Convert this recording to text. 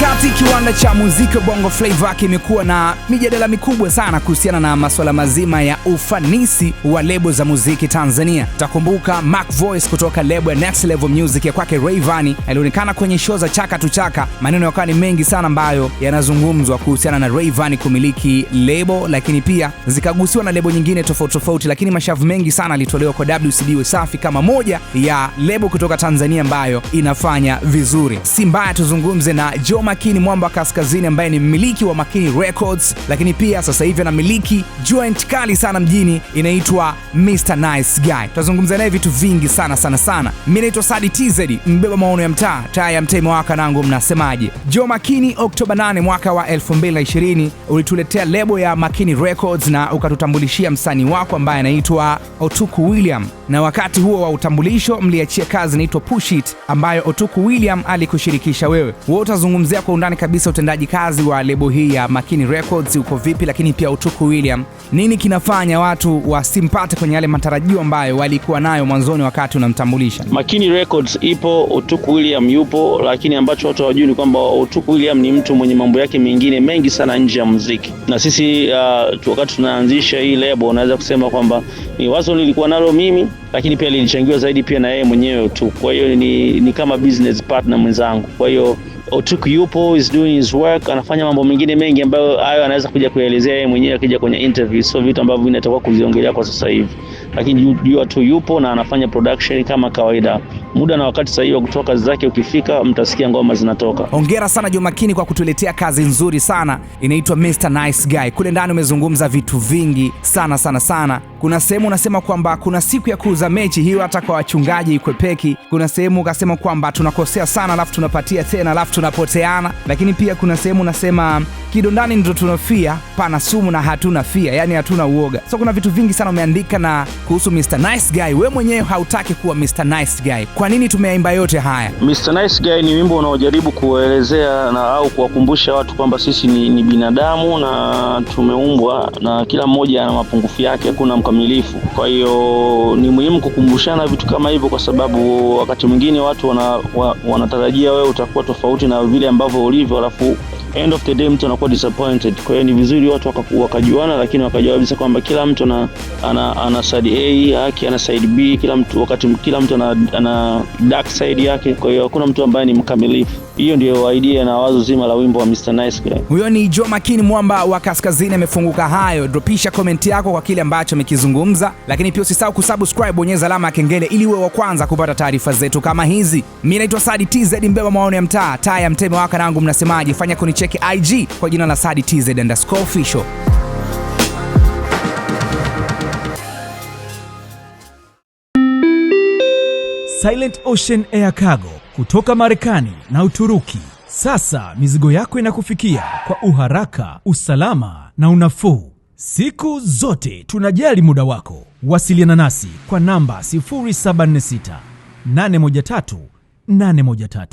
Katikati kiwanda cha muziki wa Bongo Flava kimekuwa na mijadala mikubwa sana kuhusiana na masuala mazima ya ufanisi wa lebo za muziki Tanzania. Takumbuka Mac Voice kutoka lebo ya Next Level Music ya kwake rayvani alionekana kwenye show za Chaka tu Chaka, maneno yakawa ni mengi sana ambayo yanazungumzwa kuhusiana na rayvani kumiliki lebo, lakini pia zikagusiwa na lebo nyingine tofauti tofauti, lakini mashavu mengi sana alitolewa kwa wcd Wasafi kama moja ya lebo kutoka Tanzania ambayo inafanya vizuri. Si mbaya tuzungumze na Joma Makini Mwamba Kaskazini ambaye ni mmiliki wa Makini Records, lakini pia sasa hivi anamiliki joint kali sana mjini inaitwa Mr Nice Guy. Tutazungumza naye vitu vingi sana sana sana. Mimi naitwa Sadi TZ, mbeba maono ya mtaa, taa ya mtaa imewaka, nangu mnasemaje? Jo Makini Oktoba 8 mwaka wa 2020 ulituletea lebo ya Makini Records na ukatutambulishia msanii wako ambaye anaitwa Otuku William, na wakati huo wa utambulisho mliachia kazi inaitwa Push It ambayo Otuku William alikushirikisha wewe. Wewe utazungumzia tutaelezea kwa undani kabisa utendaji kazi wa lebo hii ya Makini Records uko vipi, lakini pia Utuku William, nini kinafanya watu wasimpate kwenye yale matarajio ambayo walikuwa nayo mwanzoni wakati unamtambulisha? Makini Records ipo, Utuku William yupo, lakini ambacho watu hawajui ni kwamba Utuku William ni mtu mwenye mambo yake mengine mengi sana nje ya muziki, na sisi uh, wakati tunaanzisha hii lebo, unaweza kusema kwamba ni wazo nilikuwa nalo mimi, lakini pia lilichangiwa zaidi pia na yeye mwenyewe tu. Kwa hiyo ni, ni kama business partner mwenzangu, kwa hiyo Otuk yupo is doing his work, anafanya mambo mengine mengi ambayo hayo anaweza kuja kuelezea yeye mwenyewe akija kwenye interview, so vitu ambavyo inatakiwa kuziongelea kwa sasa hivi, lakini Jua tu yupo na anafanya production kama kawaida muda na wakati sahihi wa kutoa kazi zake ukifika, mtasikia ngoma zinatoka. Hongera sana Jumakini kwa kutuletea kazi nzuri sana, inaitwa Mr Nice Guy. Kule ndani umezungumza vitu vingi sana sana sana. Kuna sehemu unasema kwamba kuna siku ya kuuza mechi hiyo, hata kwa wachungaji ikwepeki. Kuna sehemu ukasema kwamba tunakosea sana, alafu tunapatia tena, alafu tunapoteana. Lakini pia kuna sehemu unasema kidondani ndo tunafia, pana sumu na hatuna fia, yani hatuna uoga. So kuna vitu vingi sana umeandika na kuhusu Mr Nice Guy, we mwenyewe hautaki kuwa Mr Nice Guy kwa kwa nini tumeyaimba yote haya? Mr Nice Guy ni wimbo unaojaribu kuelezea na au kuwakumbusha watu kwamba sisi ni, ni binadamu na tumeumbwa na kila mmoja ana mapungufu yake, hakuna mkamilifu. Kwa hiyo ni muhimu kukumbushana vitu kama hivyo, kwa sababu wakati mwingine watu wana, wanatarajia wewe utakuwa tofauti na vile ambavyo ulivyo, alafu end of the day mtu anakuwa disappointed. Kwa hiyo ni vizuri watu wakajuana, lakini wakajua kabisa kwamba kila mtu ana, ana, ana side A yake ana side B, kila mtu wakati kila mtu ana, ana dark side yake. Kwa hiyo hakuna mtu ambaye ni mkamilifu. Hiyo ndio idea na wazo zima la wimbo wa Mr Nice Guy. Huyo ni Joe Makini Mwamba wa Kaskazini amefunguka hayo. Dropisha comment yako kwa kile ambacho amekizungumza, lakini pia usisahau kusubscribe, bonyeza alama ya kengele ili uwe wa kwanza kupata taarifa zetu kama hizi. Mimi naitwa Sadi TZ Mbeba, maono ya mtaa taya mteme waka nangu, mnasemaje? Fanya kuniche cheki IG kwa jina la Sadi TZ underscore official. Silent Ocean Air Cargo kutoka Marekani na Uturuki. Sasa mizigo yako inakufikia kwa uharaka, usalama na unafuu. Siku zote tunajali muda wako. Wasiliana nasi kwa namba 0746 813 813.